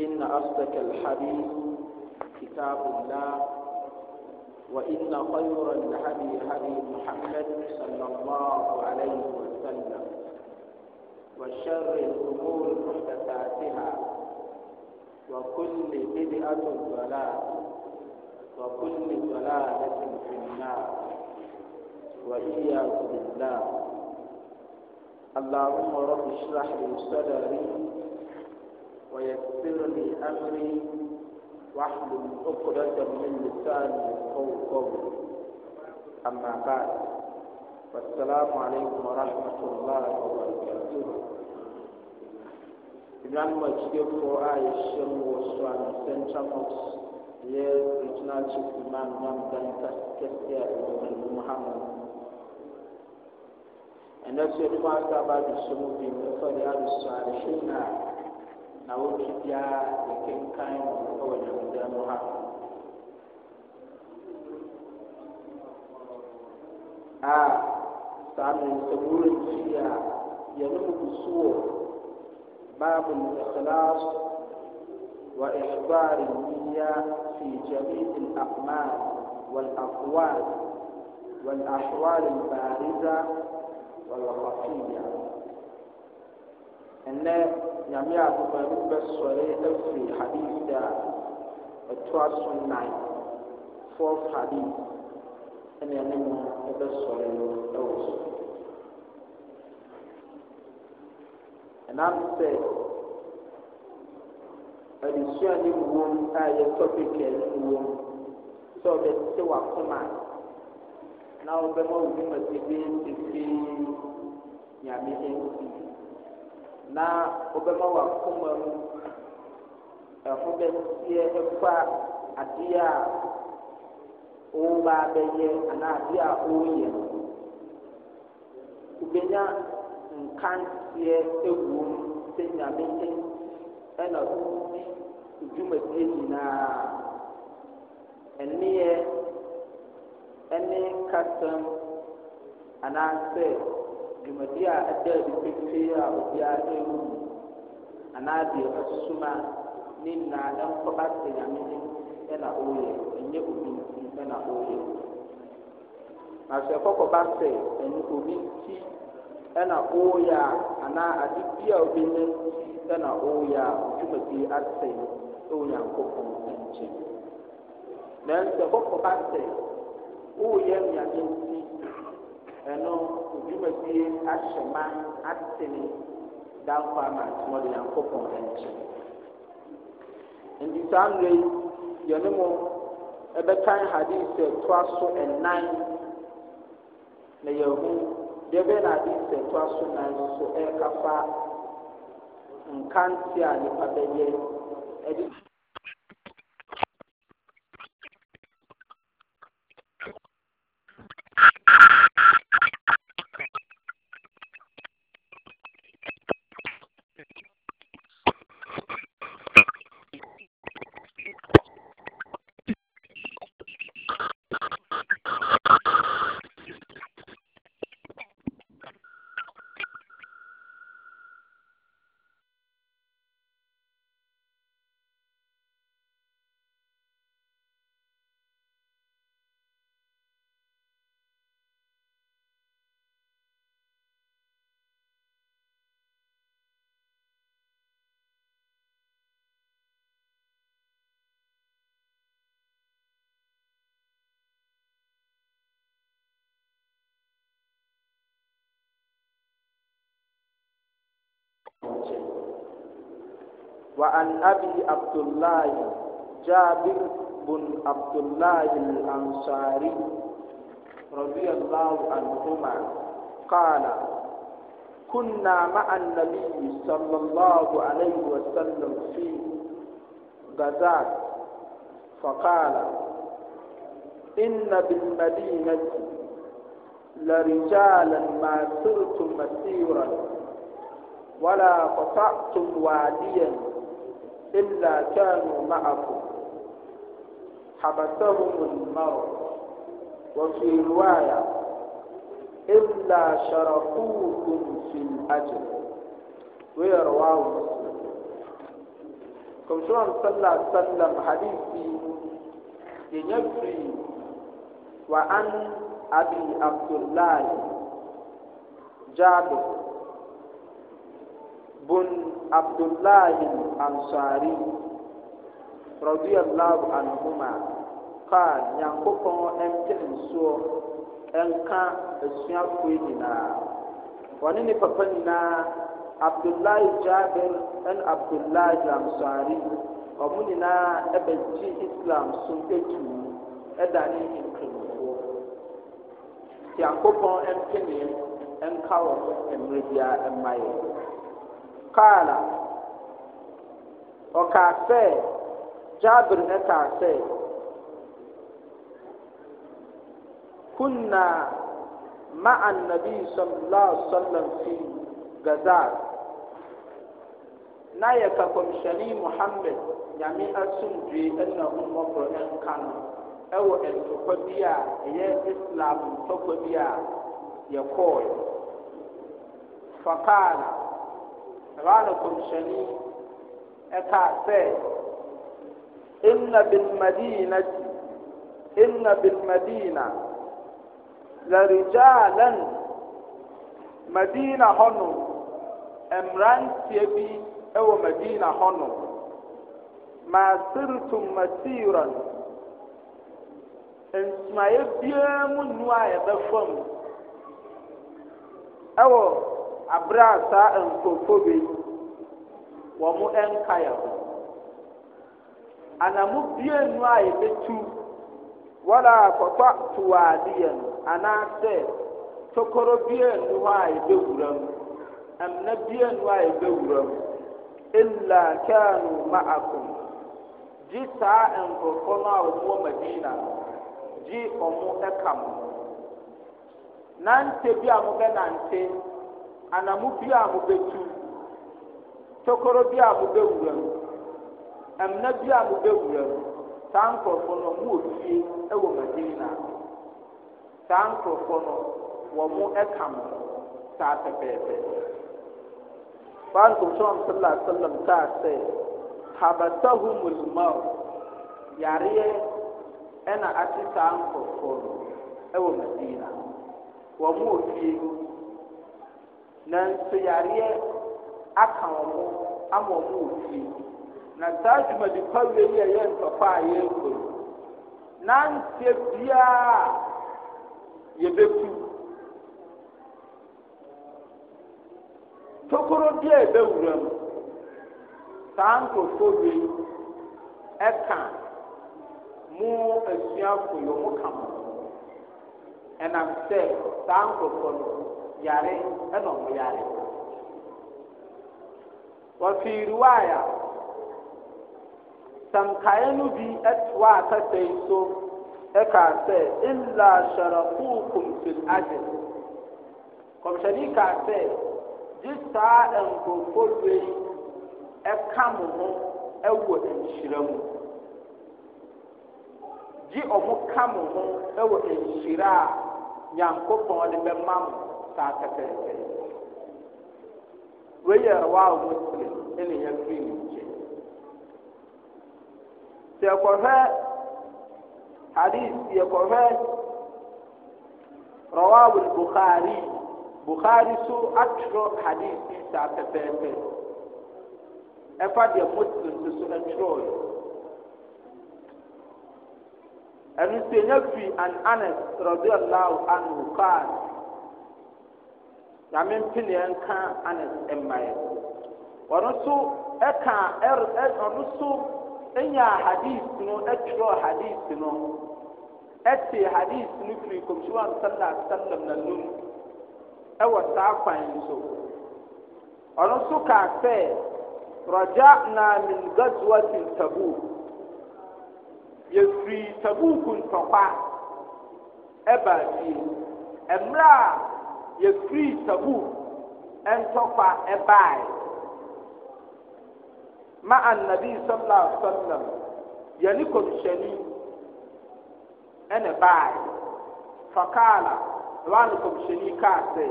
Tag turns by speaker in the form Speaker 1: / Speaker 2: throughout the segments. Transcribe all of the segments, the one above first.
Speaker 1: إن أصدق الحديث كتاب الله وإن خير الهدي هدي محمد صلى الله عليه وسلم وشر الأمور محدثاتها وكل بدعة ضلالة وكل ضلالة في النار وإياك بالله اللهم رب اشرح لي صدري ويسر لي أمري واحلل عقدة من لساني يفقهوا قولي أما بعد فالسلام عليكم ورحمة الله وبركاته Imran Majid for Aisha Shan Central Mosque, here regional chief imam Mamdan Kaskia Muhammad. And that's your father about the Sumubi, the Fadi Al-Salihin, na wotwi biara yɛkenkan no wɔ nyamedɛm mu ha a saa mmensɛmurɛnkyi a yɛne mu gusu wɔ باب الإخلاص وإحضار النية في جميع الأقمال والأقوال والأحوال البارزة والخفية. أن nyame a akoma no bɛsɔre afiri hadith a ɛtoa so nnan fourth hadith ɛna ɛne mu ɛbɛsɔre no ɛwɔ so ɛnam sɛ adesua ne wuom a yɛ topic a ne wuom sɛ ɔbɛte wakoma na ɔbɛma wo dwuma tebee tefee nyame ɛnsi na wobɛma wakoma mu ɛho bɛseɛ ɛfa e adeɛ a woba bɛyɛ anaa adeɛ a woyɛ no wobɛnya nkanseɛ ɛwɔ mu sɛ nyame nkyɛn ɛna wodi dwumadie nyinaa e ɛneɛ ɛne kasɛm anaasɛ dwumadi a ɛda adi pepee a obiara ɛmu anaa deɛ ɔsoso ne nyinaa ɛnkɔba sɛ nyame ne ɛna ɔreyɛ ɛnyɛ obi nti ɛna ɔreyɛ na sɛ ɛkɔkɔba sɛ ɛne obi nti ɛna ɔreyɛ a anaa bi a nti ɛna ɔreyɛ a dwumadi ɛwɔ nkyɛn ɔreyɛ nyame nti ɛno edwuma bie ahyɛ ma atene danfa ama atoma nyankopɔn nkyɛn nti saa nnua yi yɛne mo ɛbɛkan hadis ɛtoa so ɛnan na yɛhu deɛ bɛyɛ na hadis ɛtoa so nan so ɛrekafa nkantea nipa bɛyɛ ɛde. وعن أبي عبد الله جابر بن عبد الله الأنصاري رضي الله عنهما قال كنا مع النبي صلى الله عليه وسلم في غزاة فقال إن بالمدينة لرجالا ما سرتم مسيرا ولا قطعتم واديا إلا كانوا معكم حبسهم المرض وفي رواية إلا شرفوكم في الأجر ويرواه مسلم كم صلى الله عليه وسلم حديثي ينفي وعن أبي عبد الله جابر bun abdullahi ansari radiyallahu anhuma kaa nyankopɔn ɛnte nsuo ɛnka asuafoɔ nyinaa wɔne ne papa nyinaa abdullahi Jaber ɛne abdullahi ansari wɔn nyinaa ɛbɛgye islam so etu ɛdane nkramofoɔ nyankopɔn ɛnte ne ɛnka wɔn mmerɛ biara ɛmma yɛn. قال وكاسي جابر نكاسي كنا مع النبي صلى الله عليه وسلم في غزال na yɛ kakɔmhyɛne mohammed nyame asomdwee ɛna hommɔborɔ ɛnka no ɛwɔ ntɔkwa bi a ɛyɛ islam ntɔkwa bi a yɛkɔɔɛ fakaala rano kɔmhyɛni ɛkaa sɛ inna bilmadina inna bilmadina la rijalan madina hɔnom mmeranteɛ bi ɛwɔ madina hɔnom maa sirtum masiran nsumayɛ biara mu nnua a yɛbɛfam ɛwɔ aberɛ a saa nkurɔfo bei wɔ mo ɛnka yɛ ho anamu bie nu a yɛbɛtu wala akɔtɔ towadeɛ no anaasɛ tokoro bie nu hɔ a yɛbɛwura mu amena bie nu a yɛbɛwura mu illa kanu ma'akum gye saa nkurɔfo no a wɔwɔ madina gye ɔmo ɛka mo nante bi a mobɛnante anamu bi a mobɛtu tokoro bi a mobɛwura mu ɛmna bi a mobɛwura mu saa taa no ɔmo wɔ fie ɛwɔ madina saa nkurɔfoɔ no wɔn mo ɛka mo saa pɛpɛɛpɛ bantu sɔm kaa sɛ mulmau yareɛ ɛna ate saa nkurɔfoɔ no ɛwɔ madina wɔn mo na yareɛ aka wɔ ama ɔ mo na saa dwumadipa wiei yɛ yɛ ntɔkɔ a yɛrkɔ no nanteɛ biara a yɛbɛtu tokoro bi a yɛbɛwura mu saa nkurɔfoɔ wei ɛka mo asuafo yɛ ị ka mo ɛnam sɛ saa nkurɔfoɔ no yare ɛna ɔmo yare wɔfi riwaaya sankaeɛ no bi ɛtoa akasa yi so ɛkaa sɛ illa sharafukum fil ajr kɔmhyɛni ka sɛ gye saa nkurɔfoɔ yi ɛka mo ho ɛwɔ nhyira mu gye ɔmo ka mo ho ɛwɔ nhyira a nyankopɔn de bɛma mo saa kɛtɛɛtɛ weyɛ waa muslim ɛne yɛ firi ne nkyɛn sɛ yɛkɔhwɛ hadith yɛkɔhwɛ rawahu bukhari bukhari so atwerɛ hadith bi saa pɛpɛɛpɛ ɛfa deɛ muslim nso so ɛtwerɛɛ ɛno sɛ ɛnya firi an anas radiallahu anhu kaa nyame mpene nka anas mmaeɛ ɔno so ɛka ɔno so nyaa hadis no ɛtwerɛɔ hadis no ɛte hadis no firi kɔmhyɛwa sala salam nanum ɛwɔ saa kwan yi so ɔno so kaa sɛ rajana min gazwatin tabu yɛfiri tabuk ntɔkwa ɛbaa fie mmerɛ a yɛfiri tabu ntɔkwa ɛbae ma annabi sallallahu alaihi wasallam yɛne kɔmhyɛni ɛne bae fakala ɛwɔ ne kɔmhyɛni kaa sɛ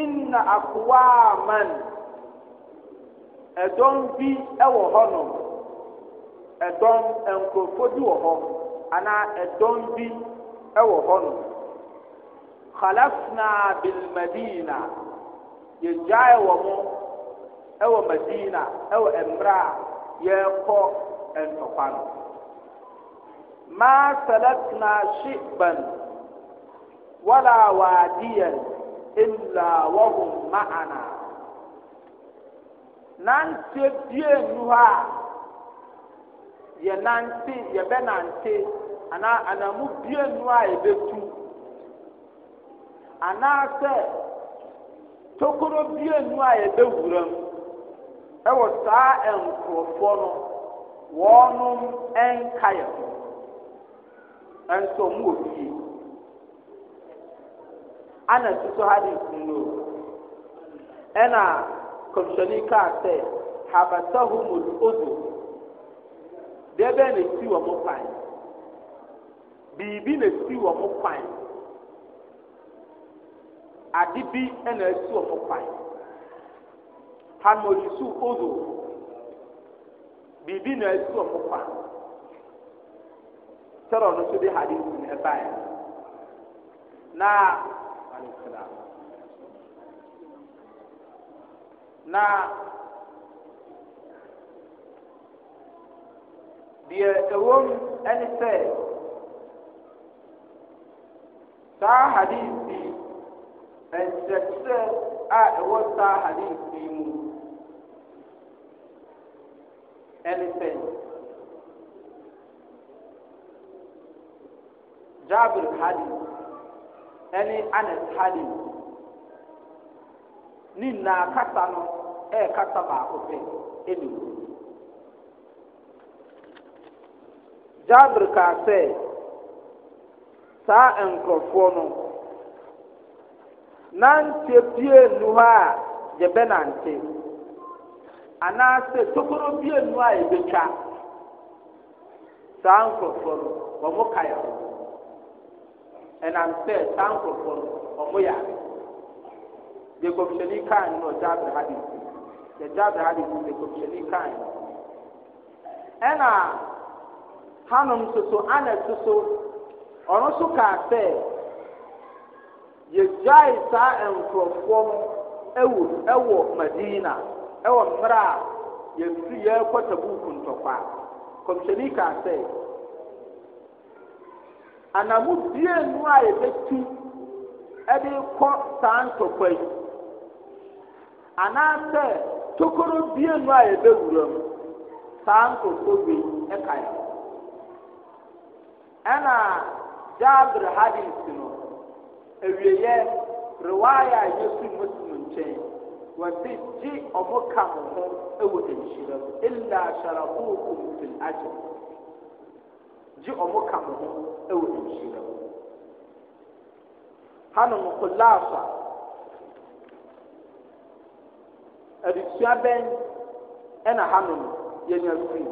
Speaker 1: inna akwaman ɛdɔm bi ɛwɔ hɔnom ɛdɔm nkurɔfoɔ bi wɔ hɔ anaa ɛdɔm bi ɛwɔ hɔnom خلفنا بالمدينة يجاي ومو أو مدينة أو أمرا يقو أنتقان ما سلكنا شئبا ولا واديا إلا وهم معنا nante die nu ha نانتي nante yɛ bɛ nante ana anamu die nu a yɛ bɛ anaasɛ tokuro bianu a yɛbɛwura m ɛwɔ saa nkurɔfoɔ no wɔɔnom ɛnka yɛ ho ɛnso mowɔ fie ana su so hade nkunnoo ɛna kɔmhyɛni kaa sɛ habasahum lodo deɛ bɛɛ na si wɔ mo kwan biribi na si wɔ mo kwan ade bi na esu wɔ kwan hanori so ozo biribi na esu wɔ kwan ɔno nso de hadisi na na na deɛ ɛwom ɛne sɛ saa hadisi nkyerɛkyerɛ a ɛwɔ saa hadith yi mu ɛne sɛ jabir hadith ɛne anas hadith ne nyinaa kasa no ɛyɛ eh, kasa baako pɛ ɛne mu jabir kaa sɛ saa nkurɔfoɔ no nante bie nu hɔ a yɛbɛ nante anaasɛ tokoro bie nu a yɛbɛtwa saa nkurɔfoɔ no ka yɛ ho ɛnam sɛ saa nkurɔfoɔ no wɔn yɛ ade deɛ kɔmhyɛni kan no ɔgya ha de nti yɛgya ha de nti deɛ kan no ɛna hanom soso anas soso ɔno so kaa sɛ. yɛgyae saa nkurɔfoɔ no ɛwɔ ɛwɔ madina ɛwɔ mmerɛ a yɛfiri yɛrekɔ tabuuku ntɔkwa kɔmhyɛni kaa sɛ anamu bienu a yɛbɛtu ɛde kɔ saa ntɔkwa yi anaasɛ tokoro bie bienu a yɛbɛwura mu saa nkurɔfoɔ bi ɛka yɛ ɛna jaabere hadis no e rewaya a yɛfi muslim nkyɛn wɔde gye ɔmo ka mo ho wɔ mu fil gye ɔmo ka mo ho wɔ nhyira mu hanom kulaasa adesua bɛn ɛna hanom yɛnya firi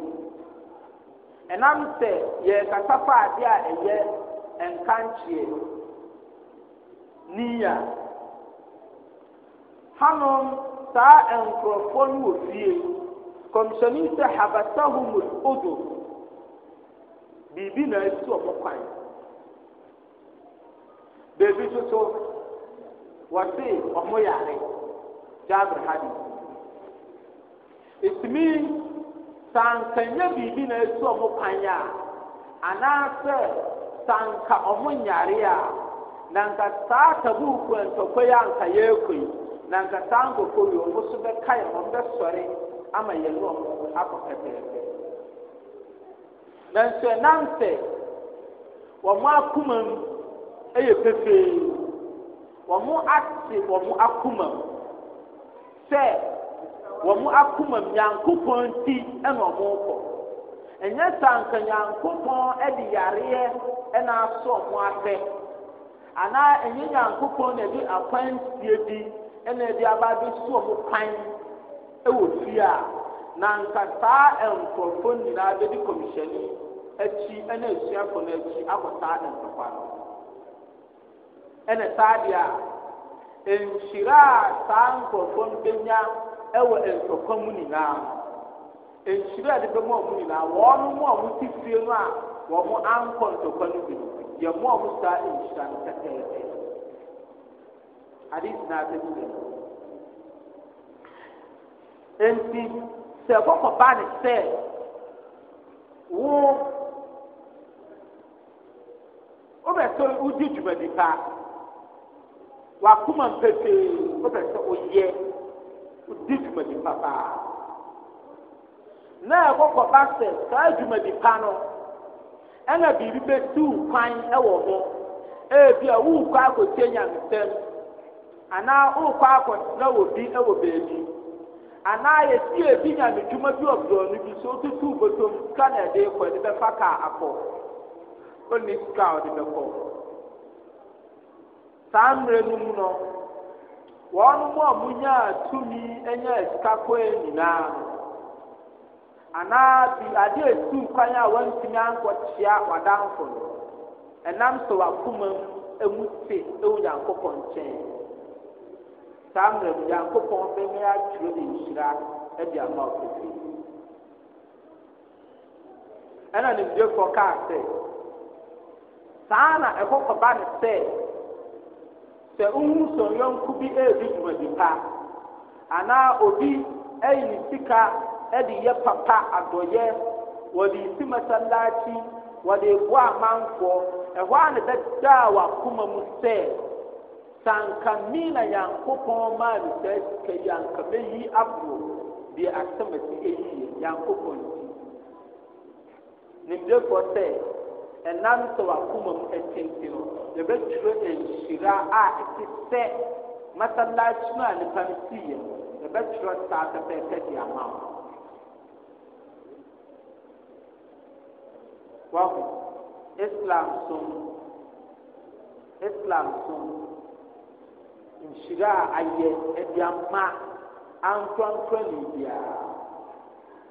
Speaker 1: ɛnam sɛ yɛrekasa fa a ɛyɛ nkankyeɛ n'iya hanom saa nkurɔfoɔ no wɔ fie kɔmhyɛni sɛ habasahum odo biribi na asi ɔmo kwan beebi nso so wɔse ɔmo yare jabir hadi etumi sankanya biribi na asi ɔmo kwan a anaasɛ sanka ɔmo nyare a. na saa tabuuku ntɔkwa a nka yɛrekɔ yi na nka saa nkɔkɔ yi ɔmo so bɛka yɛn ɔmo bɛsɔre ama yɛn no ɔmo akɔ pɛpɛɛpɛ na ɛnam sɛ wɔn akoma mu yɛ pefee wɔn ate wɔn akoma mu sɛ wɔn akoma mu nyankopɔn ti kɔ ɛnyɛ saa nka nyankopɔn anaa ɛnyɛ nyankopɔn na akwan sie bi ɛna ɛde aba so mo kwan ɛwɔ fie a na nka saa nkurɔfoɔ nyinaa bɛdi kɔmhyɛni akyi ɛna asuafo no akyi akɔ saa ntɔkwa no ɛna saa deɛ a nhyira a saa nkurɔfoɔ no bɛnya ɛwɔ ntɔkwa mu nyinaa nhyira a ɛde bɛma ɔmo nyinaa wɔn mo a wɔte fie no a wɔn ankɔ ntɔkwa no bi no deɛ mu a ɔmo saa nhyira no tɛtɛɛtɛ ade nyinaa bɛbi yɛ nti sɛ ɛkɔkɔba ne sɛ wo wobɛsɛ wodi dwumadi pa wakoma mpɛpɛɛ wobɛsɛ woyɛ wodi dwumadi pa paa na ɛkɔkɔba sɛ saa dwumadi pa no ɛna biribi bɛsi wo kwan wɔ ho ebi a worekɔ akɔtie nyamesɛm anaa worekɔ na wɔ bi wɔ baabi anaa yɛsi ebi nyamedwuma bi wɔ borɔno bi so wotutu botom sika na ɛde kɔ ɛde bɛfa kaa akɔ sika a ɔde bɛkɔ saa mmerɛ no no wɔn mu a tumi nyinaa anaa bi adeɛ a ɛsii kwan a wantumi ankɔkyea w'adamfo no ɛnam sɛ w'akoma mu mu te ɛwɔ nyankopɔn nkyɛn saa mmerɛ mu nyankopɔn bɛmɛ atwerɛ nhyira ɛde ama wo Ɛna ne nimdiefoɔ kaa sɛ saa na ɛhɔ kɔba ne sɛ sɛ wohu sɔnyɔnko bi ɛredi dwumadi pa anaa obi ayi ne sika ɛde yɛ papa adɔyɛ wɔde si masalakyi wɔde ebo amanfoɔ ɛhɔ a ne dada a wakoma mu sɛ sanka mi na yankopɔn maa ne sɛ sika yi anka meyi aboro deɛ asɛm ɛsi eyi yɛ yankopɔn ti nimdefoɔ sɛ ɛnam sɛ wakoma mu ɛtente no yɛbɛtwerɛ nhyira a ɛte sɛ masalakyi no a nipa no si yɛ yɛbɛtwerɛ saa pɛpɛɛpɛ de ama wo wọ́pọ̀ islam sun islam sun nhyira a ayɛ ɛdi ama antoantoa ne biara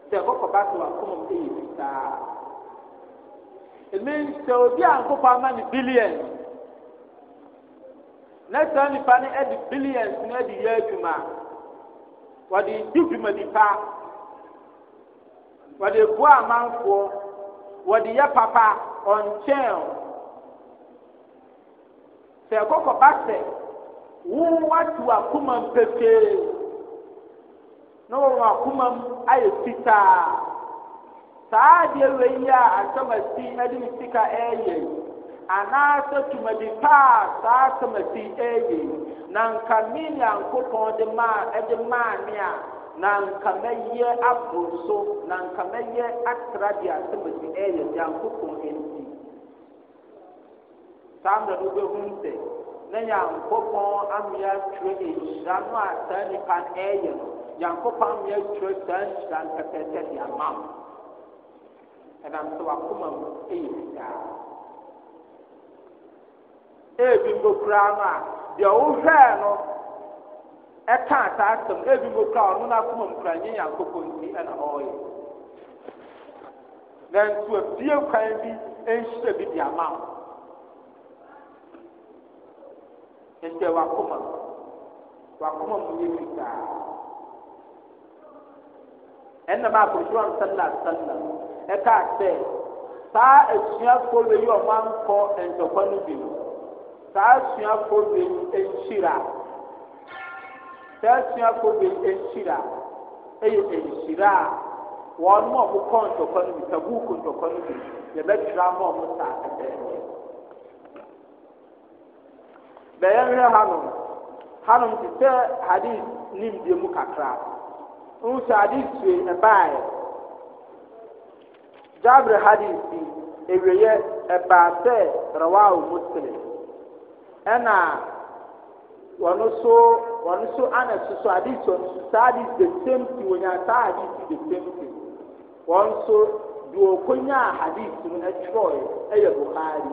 Speaker 1: sɛ kɔkɔba to akoma mu ɛyɛ fitaa ɛmi sɛ obi a nkokɔ ama ne billions na saa nipa no ɛde billions no ɛde yɛ adwuma wɔde di dwumadipa wɔde bua amanfoɔ. wɔde yɛ papa ɔnkyɛn o sɛ ba sɛ wowatu akoma m pepee na wɔwɔ akoma m ayɛ fitaa saa adeɛ wei yi a asɛm asi de ne sika ɛɛyɛ anaasɛ tumadi paa saa asɛm asi ɛɛyɛ na nka me nyankopɔn de maa ɛde maa me a na nka mɛyɛ so na nka mɛyɛ atra deɛ asɛm asi ɛyɛ nyankopɔn nti saa na no wobɛhu sɛ na nyankopɔn amea twerɛ nhyira no a saa nnipa ɛyɛ no nyankopɔn amea twerɛ saa nhyira de ama ɛnam sɛ wakoma mu ɛyɛ fitaa ebi koraa no a deɛ no ɛka saa asɛm ebi mu kura ɔno n'akoma mu kura nye nyankopɔ nti ɛna ɔreyɛ na nso ebie kwan bi nhyira bi di ama wo nti wakoma wakoma mu yɛ fitaa ɛnna maa kòtò ansalla ansalla ɛka sɛ saa asuafoɔ wei ɔmo ankɔ ntɔkwa no bi no saa asuafoɔ wei nhyira. saa asuafoɔ bi nhyira yɛ nhyira a wɔn mu a wɔkɔɔ ntɔkwa no bi sɛ buuku ntɔkwa no bi yɛbɛtwerɛ ama wɔn saa ɛbɛn bɛyɛ nhwɛ hanom hanom te sɛ hadis nimdeɛ mu kakra nso hadis sue ɛbaeɛ jabere hadis bi ewieɛ ɛbaa sɛ rawaw muslim ɛna. wɔno so wɔno so ana soso ade sɔ nso saa ade the same thing wɔnya saa ade si the same thing wɔn so deɛ ɔkonya a ade si no ɛtwerɛɛ e ɛyɛ bukari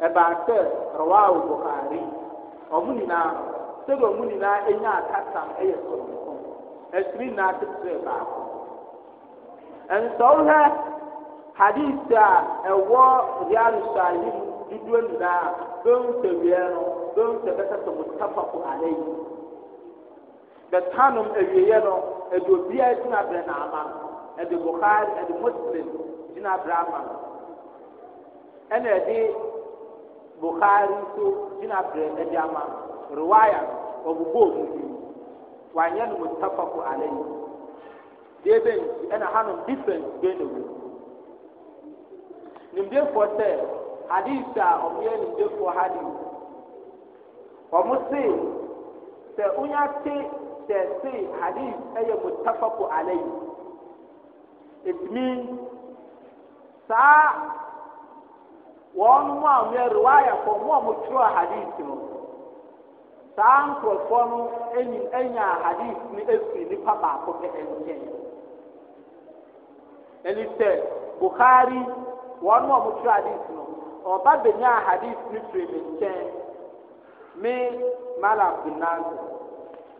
Speaker 1: ɛbaa e sɛ rawaw bukari ɔmo nyinaa sɛde ɔmo nyinaa enya akasam ɛyɛ e sɔrɔmko ɛsiri nyinaa tete baako nsɔwhɛ hadith a ɛwɔ riyadu sahibu dodoɔ nyinaa bɛn sɛ wiɛ no. don sɛ bɛsɛ sɛ mutafako alayhi bɛtanom awieeɛ no ɛde obiaa gyina berɛ na ama no e ɛde buhari ɛde muslim gyina berɛ ama ɛna buhari nso gyina berɛ ɛde ama no rewaya no bi wanyɛ no mutafako alayhi deɛ bɛnti ɛna hanom difference bɛn na nimdefoɔ sɛ hadis a nimdefoɔ hadis ɔmo see sɛ wonya te sɛ see hadis ɛyɛ mutafako alaihi ɛtumi saa wɔn a wɔyɛ rewayafo mo a motwerɛ hadis no saa nkurɔfoɔ no enyi ɛnya hadis no ɛfiri baako pɛ ɛnkyɛn ɛni sɛ bukhari wɔn a motwerɛ hadis no ɔba benya hadis no firi me malam abdulnaser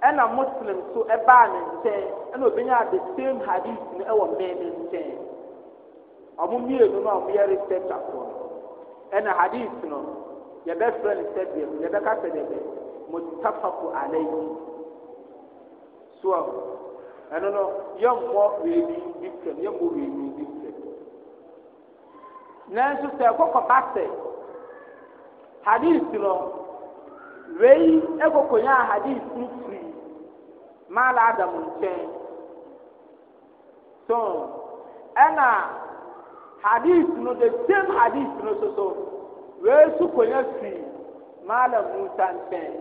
Speaker 1: ɛna muslim nso ɛbaa ne nkyɛn ɛna obinyaa the same hadith no ɛwɔ mmɛn ne nkyɛn ɔmo mmienu no a ɔmo yɛ research afoɔ no ɛna hadith no yɛbɛfrɛ no sɛ deɛ yɛbɛka sɛ deɛ bɛ mutafako alayhi soɔ ɛno no yɛmmɔ weeni different yɛmmɔ weeni different nanso sɛ ɛkɔkɔba sɛ hadith no. wei egokonye a hadis no firi maala adam nkyɛn so ɛna hadis no the same hadis no so so wei so konya firi maala musa nkyɛn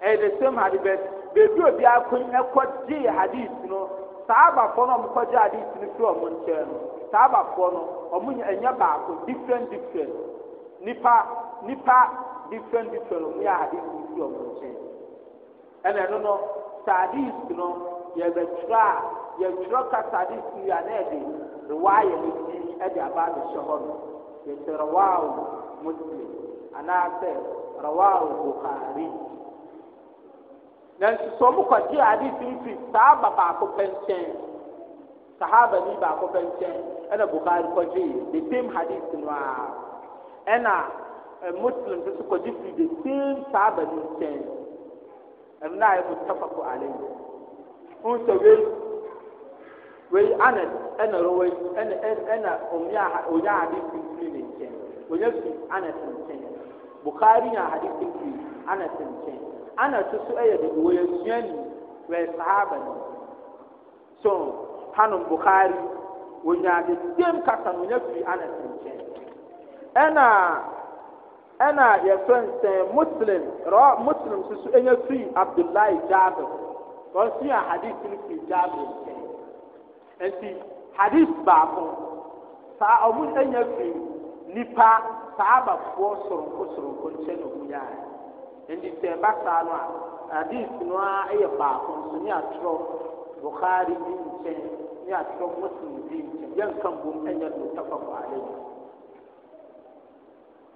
Speaker 1: ɛyɛ eh, the same hadis bɛ beebi obi akonya kɔgye hadis no saa abafoɔ no a wɔkɔgye hadis no firi wɔn nkyɛn no saa abafoɔ no wɔn nyɛ baako different different nipa nipa. different different ɔmo yɛ adi ni fi ɔmo nkyɛn ɛna Sadis, no sardis no yɛbɛtwerɛ a yɛtwerɛ ka sardis yi a na yɛde rewaaye no ti ɛde aba abɛhyɛ hɔ no yɛsɛ rewaawo muslim anaasɛ rewaawo buhari nanso sɛ ɔmo kɔgye adi firi saa ba baako pɛ nkyɛn sahaba ni baako pɛ nkyɛn ɛna buhari kɔgye the same hadith no a ɛna muslims nso kɔgye firi the same saaba no nkyɛn ɛmna a ɛmu tafako alei hun sɛ wei wei ana ɛna rɔwa ɛna ɛna onya onya ade firi ne nkyɛn onya firi ana nkyɛn bukari nya ade firi ana nkyɛn ana to so ɛyɛ de wɔyɛ suani wɔyɛ saaba no so hanom bukari wonya the same kasa onya firi ana nkyɛn ɛna ɛna yɛfrɛ nsɛn muslim rɔ muslim soso ɛnyɛ firi abdullahi jabir wɔnsua hadith no firi jabir nkyɛn nti hadith baako saa ɔmo ɛnyɛ firi nipa saabafoɔ soronko soronko nkyɛn na ɔmo yɛ ayɛ nti sɛ ɛba saa no a hadith no a ɛyɛ baako nso ne atwerɛ bukhari bi nkyɛn ne atwerɛ muslim bi nkyɛn yɛn nka mbom ɛnyɛ no tafa ale yi.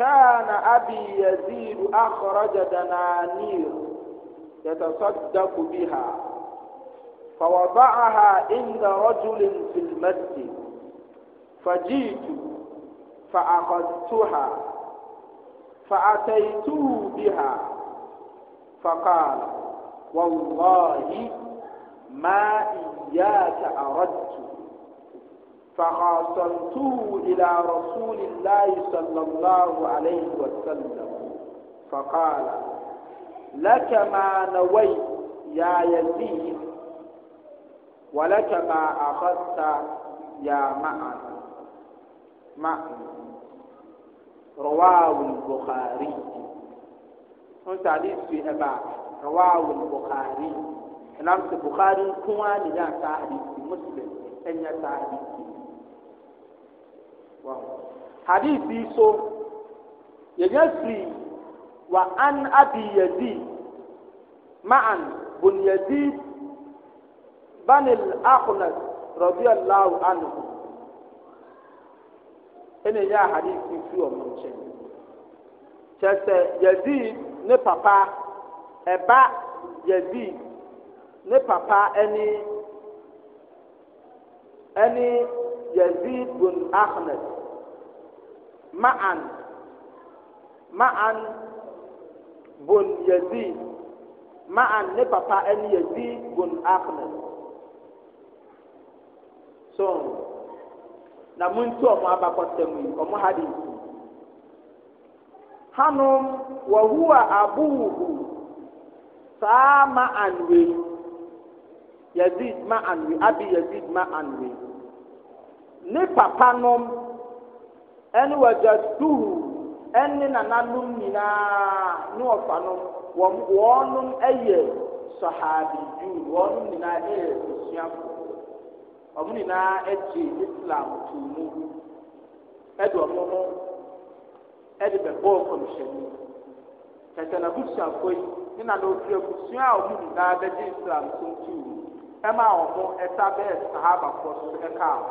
Speaker 1: كان أبي يزيد أخرج دنانير يتصدق بها فوضعها عند رجل في المسجد فجئت فأخذتها فأتيته بها فقال والله ما إياك أردت فخاصمته إلى رسول الله صلى الله عليه وسلم فقال لك ما نويت يا يزيد ولك ما أخذت يا معن معن رواه البخاري أنت عديد في أبا رواه البخاري نعم البخاري كوان يا صاحبي مسلم أن يا صاحبي hadithi so yɛnya firi wa an abi yazid ma'an bun yazid banil akhnas radiyallahu anhu ɛna ɛyɛ hadithi firi ɔmo nkyɛn kyɛ sɛ yazid ne papa ɛba yazid ne papa ɛne ɛne Yazid bin Ahmed ma'an ma'an bin Yazid ma'an ne papa ɛne Yazid bin Ahmed so na muntu ɔmo abakɔsɛm yi ɔmo hadisi hanom wahuwa abuhu saa ma'an wei Yazid ma'an wei abi Yazid ma'an wei. ne papanom ɛne wagyaduhu ɛne nananom nyinaa ne ɔfanom wɔn wɔnom ɛyɛ sahabidun wɔnom nyinaa ɛyɛ suafo wɔn nyinaa ɛgye islam tuu mu ɛde wɔn ho ɛde bɛbɔɔ kɔmhyɛni tɛtɛ n'abusuafo yi ne na n'ofiri abusua a wɔn nyinaa bɛgye islam tuu mu ɛma wɔn ho ɛsa bɛyɛ sahabafoɔ so ɛkaa ho.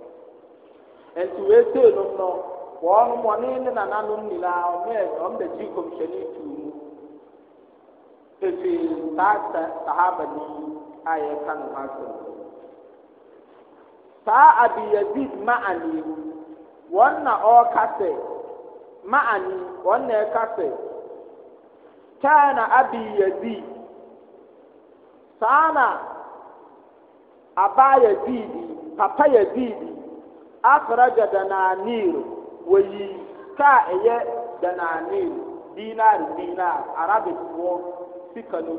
Speaker 1: nti wee sei no no wɔn wɔne ne nananom nyinaa ɔmɛɛ ndị kɔmhyɛne tu mu efi saa sa sahaba ni a yɛka no ho asɛm saa abiyazid ma'ani wɔn na sɛ wɔn e na ɛka sɛ kana abiyazid saa na abaa yazid papa yazid akhraja dananir wɔyi ka ɛyɛ dananir dinar dinar arabifoɔ sika no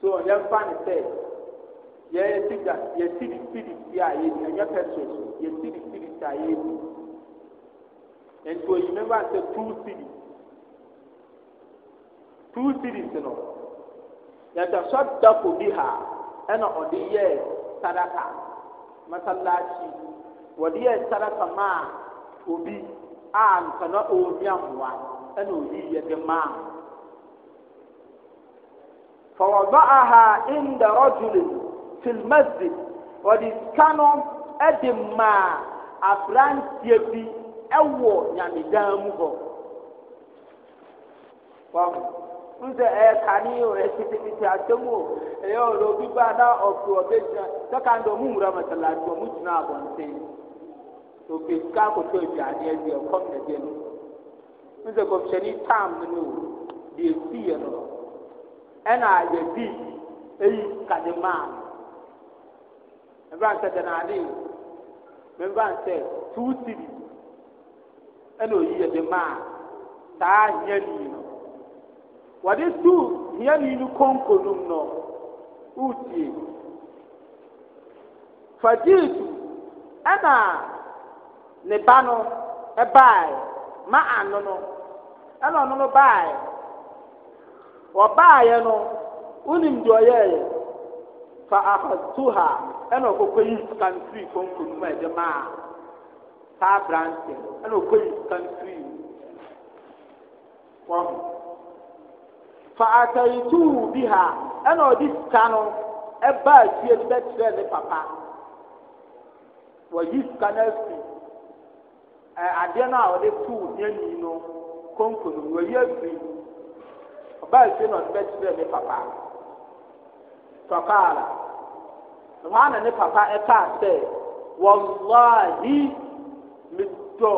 Speaker 1: so yɛmfa ne sɛ ya sika yɛsidi sidi si a yɛdi ɛnyɛ petrol yɛsidi sidi si a oyi ne ba sɛ two sidi two cities no yɛtɛ sɔdako bi ha ɛna ɔde yɛɛ sadaka masallaci wadiyar sarrafa ma obi a ntana obi amuwa ɛna obi yɛ de ma fɔwɔdɔaha inda rɔdulin filmasjid wɔde sika no ɛde maa aberanteɛ bi ɛwɔ nyamedan mu hɔ wɔn nze ɛka ni o ɛkitikiti asɛm o ɛyɛ ɔlɔ obi ba na ɔfi ɔbɛ e, gyina sɛkanda ɔmu nwura masalasi ɔmu gyina abɔnten obi sika akoto aduane ɛdi ɛkɔm na ɛdi ɛnu nze kɔmhyɛni tam no no deɛ esi yɛ no ɛna yɛdi eyi kade maa mbran sɛ danaade mbran sɛ tuu siri ɛna oyi yɛde maa saa nyɛ nii no. wɔde suu hiani no konkonum no woretie fagiitu ɛna ne ba no ɛbae ma ano no ɛna ɔno no bae wɔbaeɛ no wonim deɛ ha fa ahadtuha ɛna ɔkɔkɔyi sika no firi konkonum a ɛde maa saa aberanteɛ ɛna ɔkɔyi sika no firi bi ha ɛna ɔde sika no ɛba fie no bɛkyerɛɛ ne papa wɔyi sika no ɛ adeɛ no a ɔde tuu nyani no konko no wɔyi afi ɔba fie no ɔde bɛkyerɛɛ ne papa tɔkaala wɔn na ne papa ɛka sɛ wɔlɔahi medɔ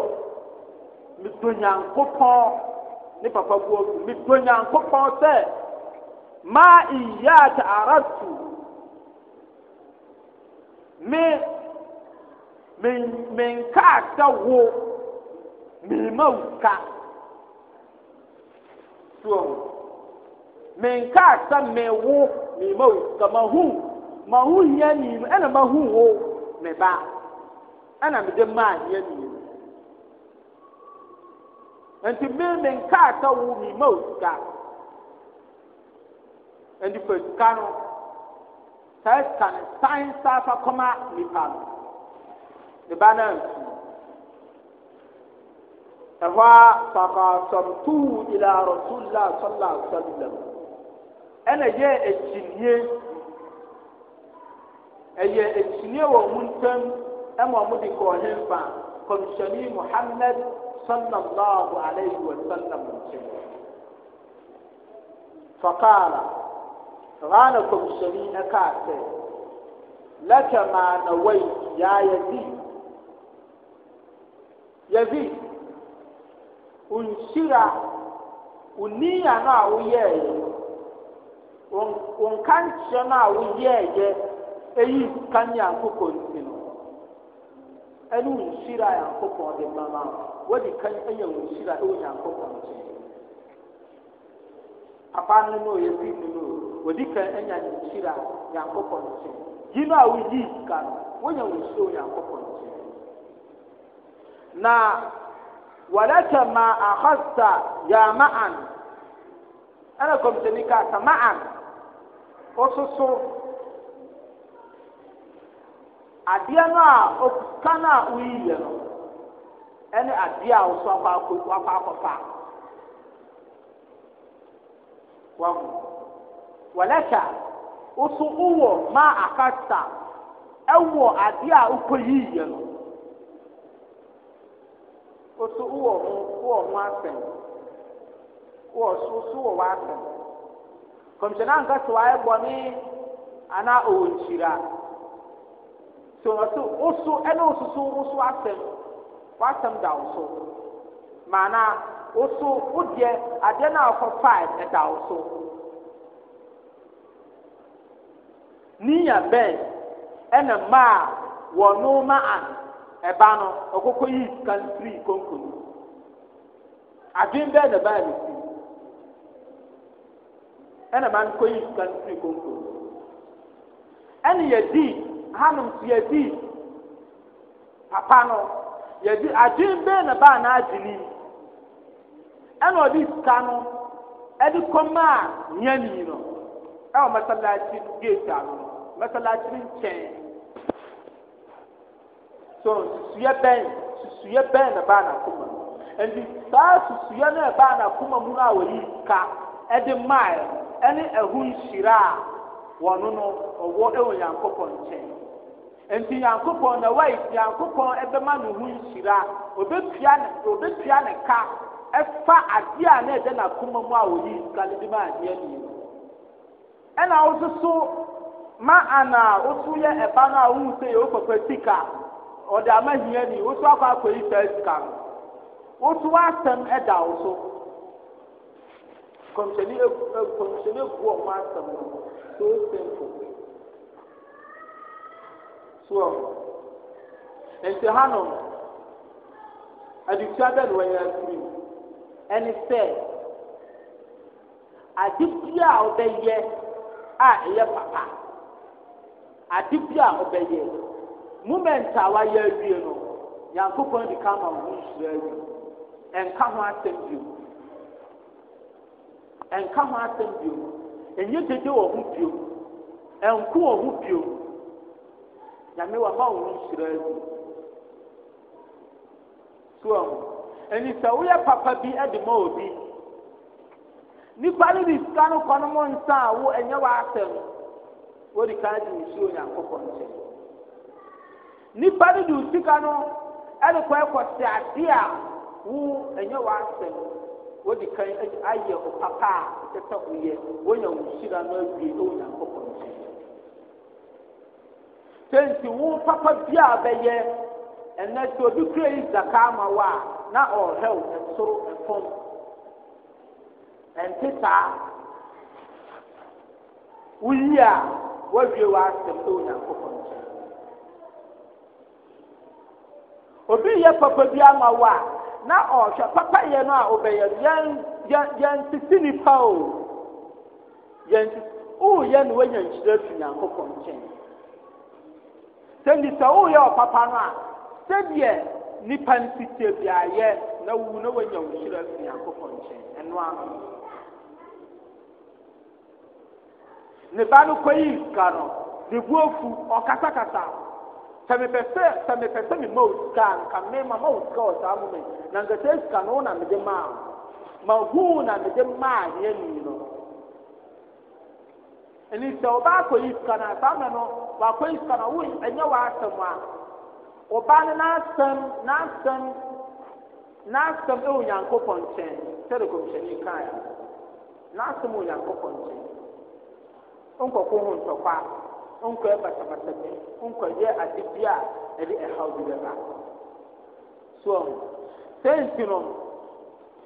Speaker 1: medɔ nyankopɔn. ne papa buo so meto nyankopɔn sɛ ma iyaka aratu me menkaa sɛ wo merema wo ka soɔ menkaa sɛ me wo merema wo ka mahu mahu hia nim ɛna mahu wo me ba ɛna mede maa hia nim nti mmemme nkaata wo mi ma o sika nti fa sika no saa sika no san saa fa kɔma nipa no ne ba na nsu ɛhɔ a fakasɔm tuu ila rasulillah sallallahu alaihi wa sallam ɛna yɛ ekyinie ɛyɛ ekyinie wɔ wɔn ntam ɛma wɔn de kɔɔ hemfa kɔmhyɛnni muhammed. Sannan gawahu a lai wasu don na muncin. Fakara, rana kumshiri na kake, Lekana dawai ya yi ziri, ya ziri, un shira, unni yana wuyi ya yi, un kan shana wuyi ya ge, eyi kan ya kuku ntino, eni un shira ya kuku wade wadi kan ɛyɛ wɔn hyira ɛwɔ nyankopɔn nkyɛn papa no no yɛ bi no no wadi kan ɛnya ne hyira nyankopɔn nkyɛn yi no a woyi sika no wonya wɔn hyira wɔ nyankopɔn nkyɛn na walaka ma akhasta ya ma'an ana kɔmtɛni ka ta ma'an ɔsoso adeɛ no a ɔkuka no a woyi yɛ no ɛne adeɛ a wɔso akɔ akɔ akɔ akɔfa wɔn wɔlɛhyɛ ụwọ maa akasa ɛwɔ adeɛ a wɔkɔ yiyɛ no wɔso wɔ ho wɔ ho asɛn wɔ so so wɔ ho bɔne anaa ɔwɔ nkyira so ɛne w'asɛm da wo so maanaa wo so wo deɛ adeɛ no a ɛda mmaa ma an ɛba no ɔkɔkɔ yi sika konkoni adwen bɛn na baa ne firi ɛna ma no kɔyi sika no konkoni ɛne yɛdii hanom so papa yɛdi adwene bɛn na baa n'agye ni ɛna ɔdi sika no ɛdi kɔma a nyani no ɛwɔ masalakyi gate ano no masalakyi no nkyɛn so susuyɛ bɛn susuyɛ bɛn na baa n'akoma nti saa susuyɛ no ɛbaa n'akoma mu no a wɔyi sika ɛdi maa ɛne ɛho nhyira a wɔn no ɔwɔ ɛwɔ nyankopɔn nkyɛn. nti nyankopɔn na wayi nyankopɔn ebe ne ho nhyira obetua ne ne ka ɛfa adeɛ a na ɛda mu a oyi sika no de ma adeɛ nie ɛna ma ana woso yɛ ɛba no a wohu sɛ yɛwɔ papa sika ɔde ama hia ni woso akɔ akɔyi saa sika no woso asɛm ɛda soɔ nti hanom adekua bɛ ne afiri ɛne sɛ ade bia a wobɛyɛ a ɛyɛ papa ade bia a wobɛyɛ moment a wayɛ awie no nyankopɔn de ka ho nhyira awi ɛnka ho asɛm bio ɛnka ho asɛm bio ɛnyɛ gyegye wɔ ho bio nyame wama wo nhyira agu so ahu ɛni sɛ woyɛ papa bi de ma obi nnipa no de sika no kɔ no mo nsa a wo ɛnyɛ nyankopɔn nnipa de sika no ɛde kɔ a wo ɛnyɛ kan ayɛ papa a ɛsɛ sɛ woyɛ wonya wo no awie nyankopɔn sɛnti wo papa bi a bɛyɛ ɛnɛ sɛ obi kura yi zaka ama wo na ɔrehɛw ɛsoro ɛfam ɛnte saa woyi a woawie w'asɛm sɛ onyankopɔn nkyɛn obi yɛ papa bi ama wo na ɔhwɛ papa yɛ no a ɔbɛyɛ yɛn yɛn yɛntete nipa o yɛn woyɛ no woanya nhyira fi nyankopɔn nkyɛn sɛndi sɛ woyɛ ɔpapa no a sɛdeɛ nnipa no sitie biayɛ na wu na woanya wo hyira afi nyankopɔn nkyɛn ɛno ano ne ba no kɔyii sika no ne buofu ɔkasakasa sɛ mepɛ sɛ sɛ mepɛ sɛ mema wo sika nka mema ma wo sika wɔ saa moment na nka sɛ sika no wo na mede maa mahuu na mede maa yɛ no ɛni sɛ ɔbaa akɔ yi na saa mɛ no wakɔ na wo ɛnyɛ w'asɛm a ɔbaa no n'asɛm n'asɛm n'asɛm ɛwɔ nyankopɔn nkyɛn sɛde kɔmhyɛni kaa n'asɛm nkọ nyankopɔn nkyɛn nkɔkɔ ho ntɔkwa nkɔ yɛ bi nkɔ yɛ bi a ɛde ɛhaw bi no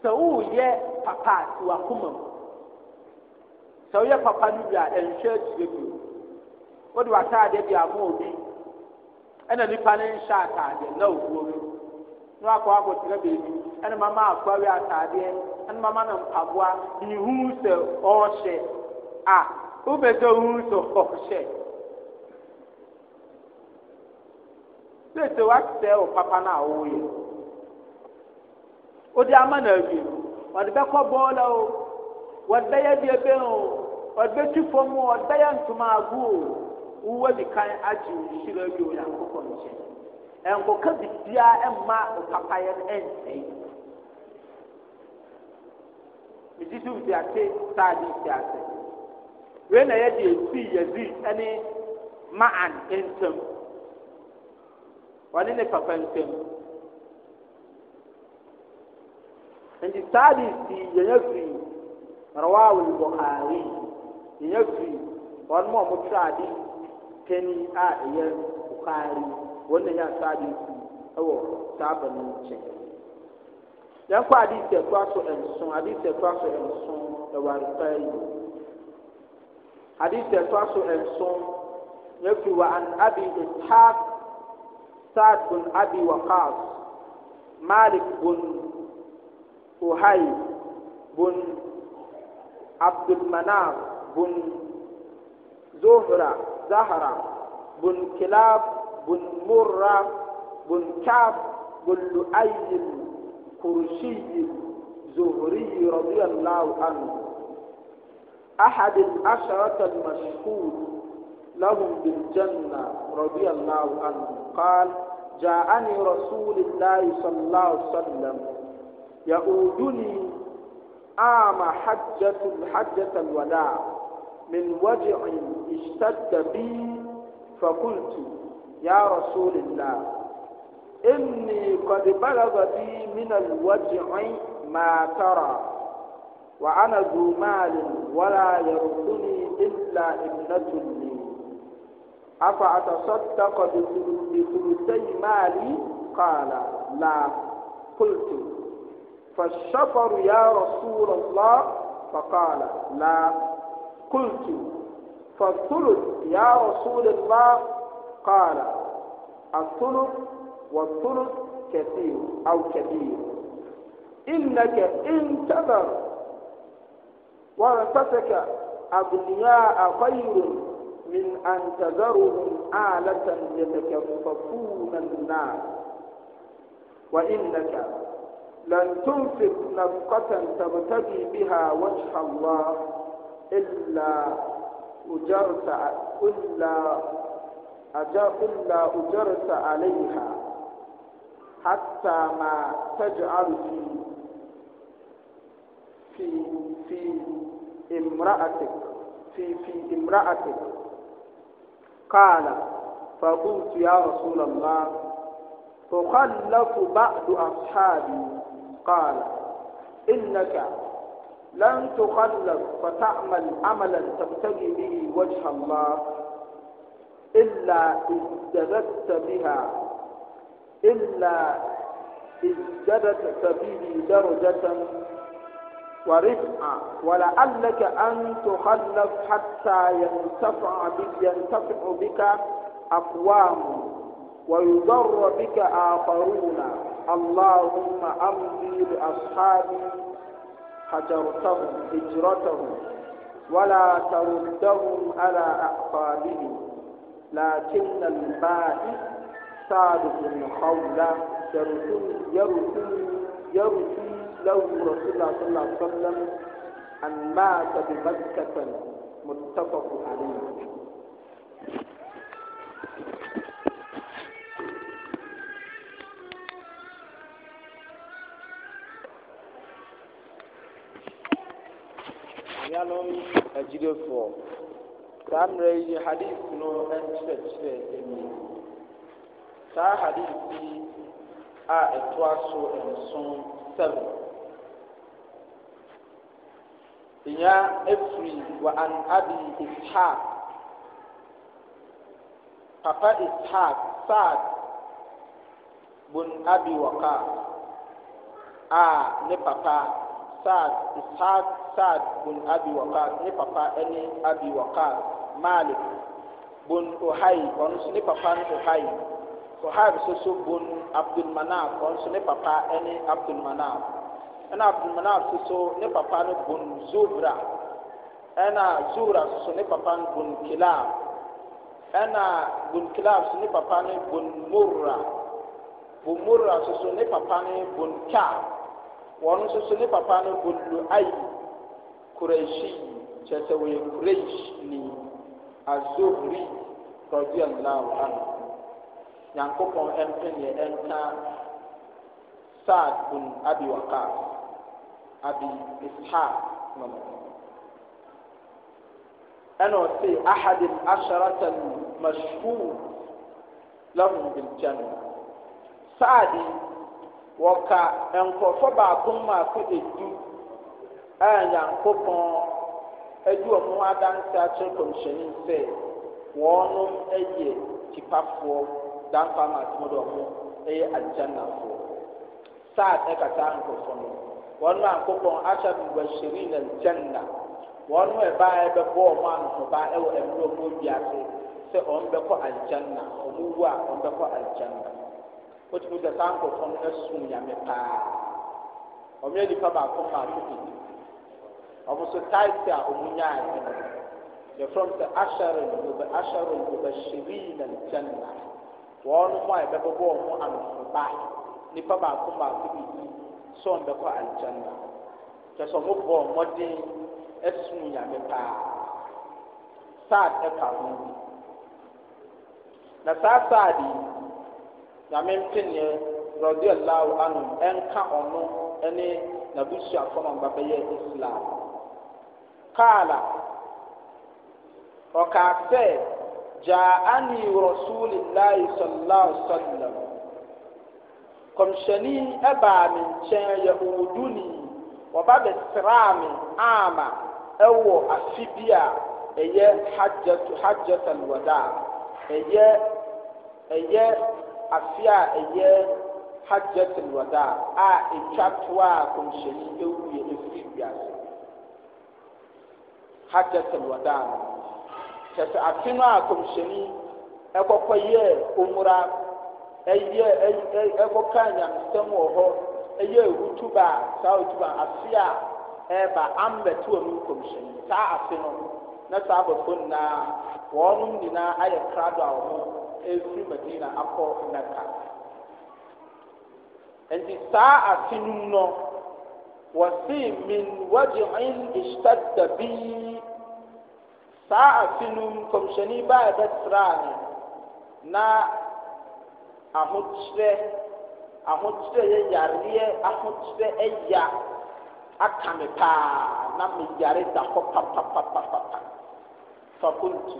Speaker 1: sɛ papa mu. sɛ woyɛ papa no bi a ɛnhwɛ akyire bio wode w'ataadeɛ bi ama obi ɛna nipa no nhyɛ ataadeɛ na oguo no na wakɔ akɔtena baabi ɛna mama akoa wi ataadeɛ ɛna mama no mpaboa ihu sɛ ɔrehyɛ a wobɛ sɛ hu sɛ ɔrehyɛ sese wasɛ wo papa no a woyɛ wode ama no awie no wɔde bɛkɔ bɔɔla o wɔde bɛyɛ deɛ bɛn o ɔbɛtu fam ɔbɛyɛ ntoma agu o wowɔ nikan agye nhyira bi o yankokɔ nkyɛn nkɔka bibiara mma papayɛ no nsɛe megye di mfi ase saa de mfi ase wei na yɛde esii yɛdi ne ma'an ntɛm ɔne ne papa ntɛm nti saa de sii yɛn afiri rawaa wɔ buhari ɛyɛ firi wɔn mu a wɔtwerɛ ade tani a ɛyɛ bukari wɔn na yɛ asaade fi ɛwɔ saaba no nkyɛn yɛnkɔ ade sɛ ɛkura so nson ade sɛ ɛkura so nson ɛwɔ arepa yi ade sɛ ɛkura so nson yɛ firi wɔ an abi ishaq saad bin abi waqas malik bin uhai bin abdulmanaf بن زهرة زهرة بن كلاب بن مرة بن كاف بن لؤي كرشي زهري رضي الله عنه أحد العشرة المشهور لهم بالجنة رضي الله عنه قال جاءني رسول الله صلى الله عليه وسلم يؤودني عام حجة حجة الوداع من وجع اشتد بي فقلت يا رسول الله إني قد بلغ بي من الوجع ما ترى وأنا ذو مال ولا يرثني إلا ابنة لي أفأتصدق بثلثي مالي قال لا قلت فالشفر يا رسول الله فقال لا قلت فالثلث يا رسول الله قال الثلث والثلث كثير أو كبير إنك إن تذر ورثتك أغنياء خير من أن تذرهم آلة يتكففون الناس وإنك لن تنفق نفقة تبتغي بها وجه الله إلا أجرت إلا إلا أجرت عليها حتى ما تجعل في في في امرأتك في في امرأتك قال فقلت يا رسول الله تخلف بعض أصحابي قال إنك لن تخلف فتعمل عملا تبتغي به وجه الله إلا ازددت بها إلا ازددت به درجة ورفعة ولعلك أن تخلف حتى ينتفع بك ينتفع بك أقوام ويضر بك آخرون اللهم أمضي لأصحابي هجرتهم هجرتهم ولا تردهم على أعقابهم لكن البائس ثابت قولا يرثي يرثي يرثي له رسول الله صلى الله عليه وسلم أن مات بمكة متفق عليه nuanom agyilefoɔ saa mmerɛ yi hadis no nkyerɛkyerɛ ɛmi saa hadis yi a ɛtoa so nson seven nya efiri wa an abi ishaq papa ishaq saad bun abi waka a ne papa Saad Ishaq Saad bun Abi Waqas ne papa ne Abi Waqas Malik bun Ohai ɔno nso ne papa ne Ohai Ohai nso so bun Abdul Manaf ɔno nso ne papa ne Abdul Manaf ɛna Abdul Manaf ne papa ne bun Zuhra ɛna Zuhra nso so ne papa ne bun Kilab ɛna bun Kilab nso ne papa ne bun Murra bun Murra nso so ne papa ne bun Kaab wɔn nso so ne papa no bolu ayi kuraishi kyerɛ sɛ wɔyɛ kuraishi azohri radiallahu anhu nyankopɔn ɛmpeneɛ ɛnka saad bun abi wakas abi ishaq no no ɛna ɔse asharata mashhur lahum biljanna saadi wɔka nkurɔfo baako mmaako edu a nyankopɔn adi wɔn ho adanse akyerɛ kɔmhyɛni sɛ wɔnom ɛyɛ tipafoɔ danfa maatom de wɔn ɛyɛ agyanafoɔ saad ɛkata nkurɔfo no wɔn a nkopɔn ahyɛ no wɔahyɛri na agyanna wɔn a ɛbaa ɛbɛbɔ wɔn anohoba wɔ mmerɛ wɔn wiase sɛ wɔn bɛkɔ agyanna wɔn wu a wɔn bɛkɔ agyanna. wotumi sɛ saa nkɔfɔm asum nyame paa ɔmo nipa baako baako bi ɔmo so taete a ɔmo nyaayɛ no yɛfrɔm sɛ ahyɛre nbobɛ ahyɛre nbobɛ hyirii na nkyɛnna wɔn mo a yɛbɛbɛbɔ ɔmo anofoba nipa baako baako bi yi sɛ ɔmo bɛkɔ nkyɛnna kyɛ sɛ ɔmo bɔ ɔmɔden asum nyame paa saad ɛka ho bi na saa saad yi. nyame mpeneɛ radiallahu anhu ɛnka ɔno ne n'abusuafoɔ no ɔba bɛyɛ islam kaala ɔkaa sɛ jaani rasulillahi sallallahu alaihi wasallam kɔmhyɛni ɛbaa me nkyɛn yɛ owuduni ɔba bɛsraa me ama ɛwɔ afi bi a ɛyɛ hajjat hajjat alwada ɛyɛ ɛyɛ afe a ɛyɛ hajjatul wada a ɛtwa toɔ a kɔmhyɛni ɛwuiɛ ɛfiri wiase hajjatul wada no kyɛ sɛ afe no a kɔmhyɛni ɛkɔkɔ yɛɛ omura ɛyɛ ɛkɔka nyamesɛm wɔ hɔ ɛyɛ hutuba saa hutuba afe a ɛɛba ambɛtoa mu kɔmhyɛni saa afe no na saa abɔfo nyinaa wɔn nyinaa ayɛ krado a wɔn ɛfiri madina akɔ mɛka nti saa afe no mu no wɔse min wagyen ishtadda bi saa afe no mu kɔmhyɛni baa bɛsraa ne na ahokyerɛ ahokyerɛ yɛ yareɛ ahokyerɛ ɛya aka me paa na meyare da hɔ papapapapa fakultu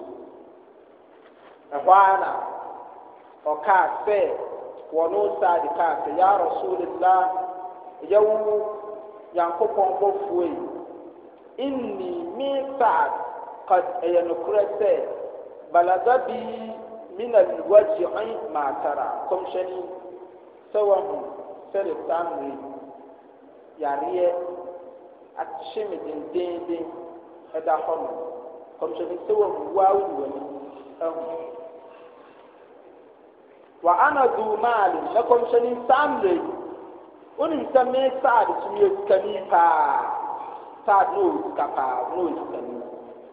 Speaker 1: ɛhɔ ara na ɔkaa sɛ wɔno saade kaa sɛ ya rasulillah yɛwo nyankopɔn bɔfoɔ yi inni me saad kad ɛyɛ nokorɛ sɛ balaga bi min alwajii maatara kɔmhyɛni sɛ wahu sɛde saa mmere yareɛ akye me dendeenden ɛda hɔ no kɔmhyɛni sɛ wahu waa wo ne w'ani ahu wa ana zu maali na kɔmhyɛni samle onim sɛ me saad so yɛ sikani paa saad na ɔyɛ sika paa na ɔyɛ sikani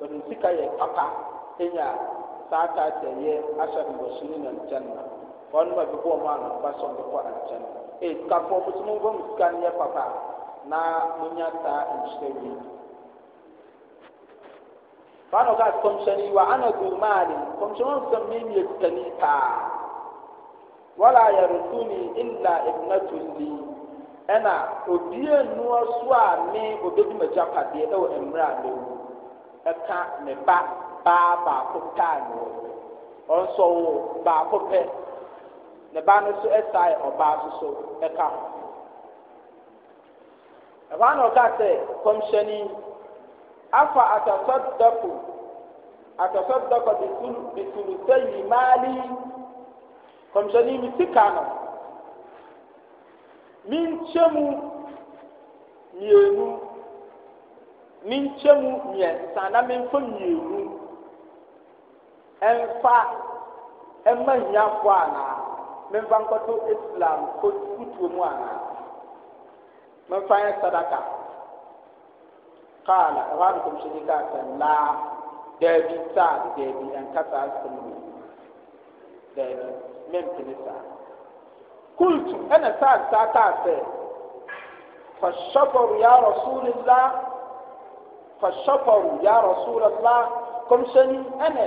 Speaker 1: ɔde sika yɛ papa enya saa taata yɛ ahyɛ no wɔ na nkyɛn na wɔn mu ɛbi bɔ ɔmo ano ba sɔn de kɔ nkyɛn ee sikafoɔ mo so mo bɔ mo sika no yɛ papa na mo nya saa nhyerɛ wi fano kaa kɔmhyɛni wa ana zu maali kɔmhyɛni wɔn sɛ me yɛ sikani paa. wala yarithuni illa ibnatun li ɛna obia nnua so a me obedi m'agyapadeɛ ɛwɔ mmerɛ a mewu ɛka ne ba baa baako taa ne wɔ ɔnso wo baako pɛ ne ba no so ɛsae ɔbaa so so ɛka ho ɛhɔ ana ɔka sɛ afa kɔmhyɛni mi sika no mi nkyɛmu mmienu mi nkyɛmu mmiɛnsa na mi nfa mmienu ɛnfa ɛma hiafo anaa mi nfa nkɔtɔ islam kutuo mu anaa mi nfa yɛ sadaka kaala ɛhɔ ano kɔmhyɛni kaa sɛ laa daabi saa daabi ɛnka saa sɛm daabi. mɛmpene saa kultu ɛna saa saa kaa sɛ fashafaru ya rasulillah fashafaru ya rasulillah kɔmhyɛni ɛna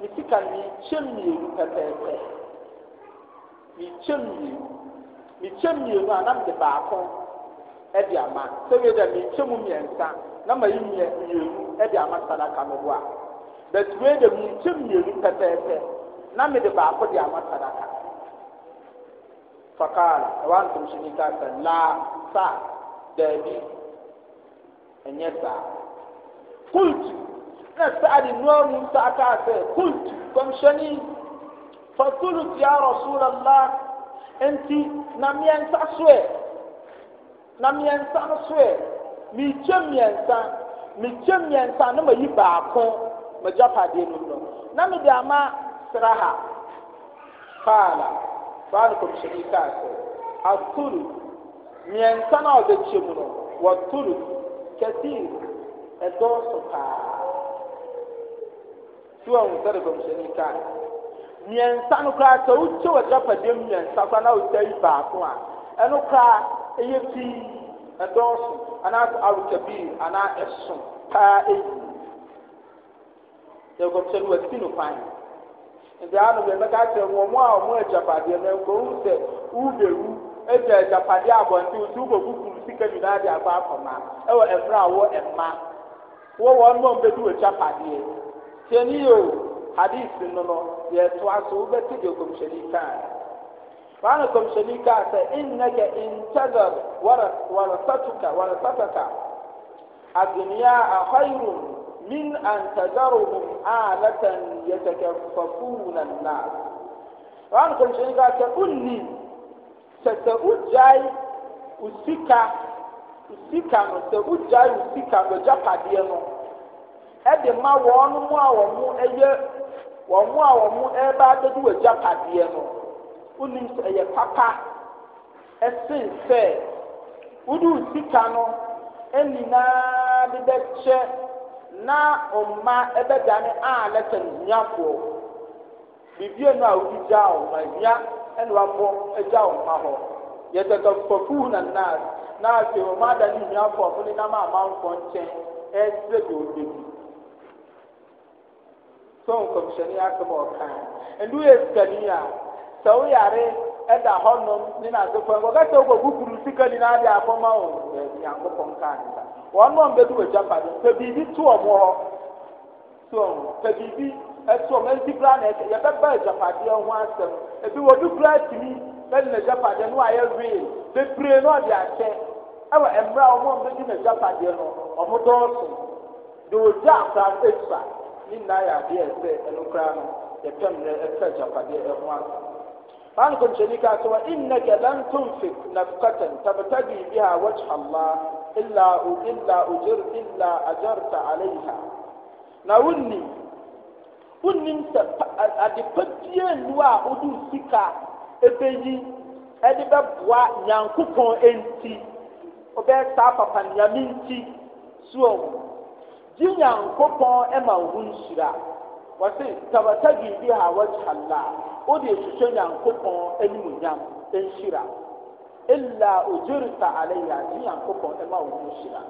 Speaker 1: ne sika ne kyɛm mmienu pɛpɛɛpɛ ne kyɛm mmienu ne kyɛm mmienu a nam de baako ɛde ama sɛbi dɛ ne kyɛm mmiɛnsa na ma yi mmienu ɛde ama sadaka no ho a bɛtuwe dɛ ne kyɛm mmienu pɛpɛɛpɛ. na mede baako de ama sadaka fakal ɛwa ntomhyɛni ka sɛ laa sa daabi ɛnyɛ saa kultu na saade noa mu saa kaa sɛ kultu kɔmhyɛni fakulut ya rasulallah nti na mmiɛnsa soɛ na mmiɛnsa no soɛ merekye mmiɛnsa merekye mmiɛnsa na mayi baako magyapadeɛ no no na mede ama sraha faala faala kɔmhyɛni kaa sɛ aturu mmiɛnsa no a ɔbɛkyɛ mu no wɔturu kɛsii ɛdɔɔso paa si wɔn sɛde kɔmhyɛni kaa mmiɛnsa no koraa sɛ wokyɛ wɔ dapade mmiɛnsa koraa na a ɛno ndị anụ bụ emeka kyerɛ ọmụ ɔmo a ɔmo agyapadeɛ nke nko ɔmo sɛ ubewu agya agyapadeɛ abɔnten nti wobɔ kukuru sika nyinaa de akɔ akɔma ɛwɔ mmerɛ a wɔ mma wɔ wɔn mo mbedu agyapadeɛ tiɛni yɛ o etu min an tadaruhum ụmụ a an-nas ran kun shi ga ta unni ta ta ujai usika usika usika no ma wɔn mu a wɔn mu a wɔn mu no papa ɛsen sɛ usika no ɛnyinaa na mma bɛdane a lɛkyɛ no a wodi gyaa wo ma hia ne wabɔ agya wo ma na e, na ma ada ne hiafoɔ fo ne nam amanfoɔ nkyɛn ɛsrɛ deɛ ɔbɛdi so nkɔmhyɛne asɛm ɔkaa ɛnde woyɛ sikani a sɛ woyare ɛda hɔnom ne ma ne wɔn a mbɛdu wɔ japan pɛ biribi to wɔn hɔ to wɔn hɔ pɛ biribi ɛto wɔn ɛnti kura na ɛkɛ yɛbɛba agyapadeɛ ho asɛm ebi wɔ du kura tumi bɛdi na agyapadeɛ no ayɛ wee bebree na ɔde akyɛ ɛwɔ mmerɛ a wɔn a mbɛdi na agyapadeɛ no wɔn dɔɔso de ogya akora etua ne nyinaa yɛ adeɛ ɛsɛ ɛno kura no yɛpɛ mmerɛ ɛfɛ agyapadeɛ ɛho asɛm فعن كل شريك سوى إنك لن تنفق نفقة تبتدي بها وجه الله إلا إلا أجر إلا أجرت عليها نوني wonim sɛ ade pa bia nnu a wode sika ɛbɛyi ɛde bɛboa nyankopɔn ɛnti wobɛyɛ saa papa nyame nti soɔ ho gye nyankopɔn ɛma wo nhyira wɔse tabatagi bi ha wajha llah wode hwehwɛ nyankopɔn animunyam ɛnhyira ila ojurita alaiha ala nyankopɔn ɛma wo ho hyira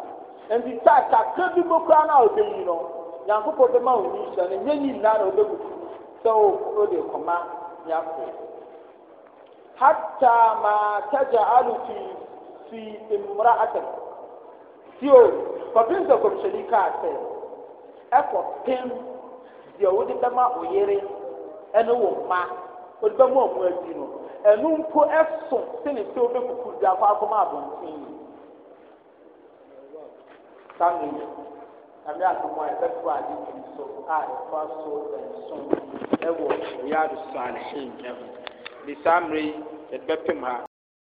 Speaker 1: nti taa kakra bi bokura no a ɔbɛyi no nyankopɔn bɛma wo ho hyira no nyɛ nyinaa na ɔbɛbutu sɛ wode kɔma nyako hatta ma taj'alu fi fi imra'atik tio kɔpem sɛ kɔmhyɛni kaa sɛ ɛkɔpem deɛ wode bɛma wo yere ɛne wo ma wɔde bɛ mu ɔmo adi no ɛnu mpo ɛso sɛne sɛ obe kuku di akɔ akɔma abɔnten yi sami sami asomo a ɛbɛto adi ti so a ɛfa so ɛnson ɛwɔ ɛyɛ adoso alehin ɛho ne saa mmerɛ yi yɛde bɛpem ha.